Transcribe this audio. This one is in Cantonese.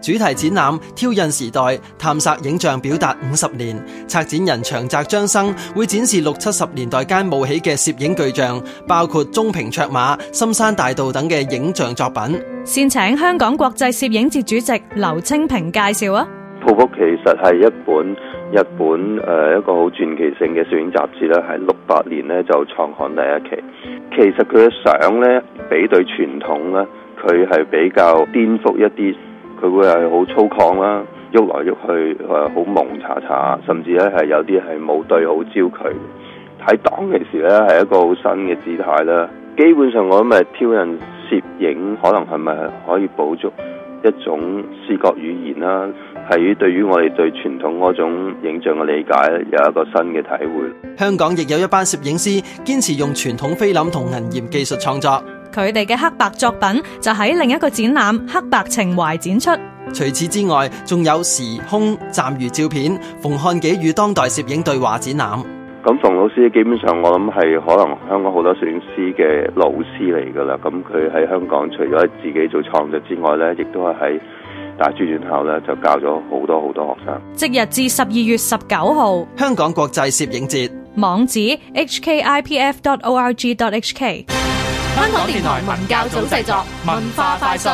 主題展覽《挑釁時代：探索影像表達五十年》，策展人長澤張生會展示六七十年代間冒起嘅攝影巨像，包括中平卓馬、森山大道等嘅影像作品。先請香港國際攝影節主席劉清平介紹啊！《瀑布》其實係一本日本誒、呃，一個好傳奇性嘅攝影雜誌啦，喺六八年呢就創刊第一期。其實佢嘅相呢，比對傳統呢，佢係比較顛覆一啲。佢會係好粗獷啦，喐來喐去，誒好蒙查查，甚至咧係有啲係冇對好焦距。喺當其時咧係一個好新嘅姿態啦。基本上我咪挑釁攝影，可能係咪可以補足一種視覺語言啦。係對於我哋對傳統嗰種影像嘅理解，有一個新嘅體會。香港亦有一班攝影師堅持用傳統菲林同銀鹽技術創作。佢哋嘅黑白作品就喺另一個展覽《黑白情懷》展出。除此之外，仲有時空暫如照片，馮漢紀與當代攝影對話展覽。咁馮老師基本上我諗係可能香港好多攝影師嘅老師嚟噶啦。咁佢喺香港除咗自己做創作之外咧，亦都係喺大專院校咧就教咗好多好多學生。即日至十二月十九號，香港國際攝影節網址：hkipf.org.hk。香港電台文教組製作，文化快訊。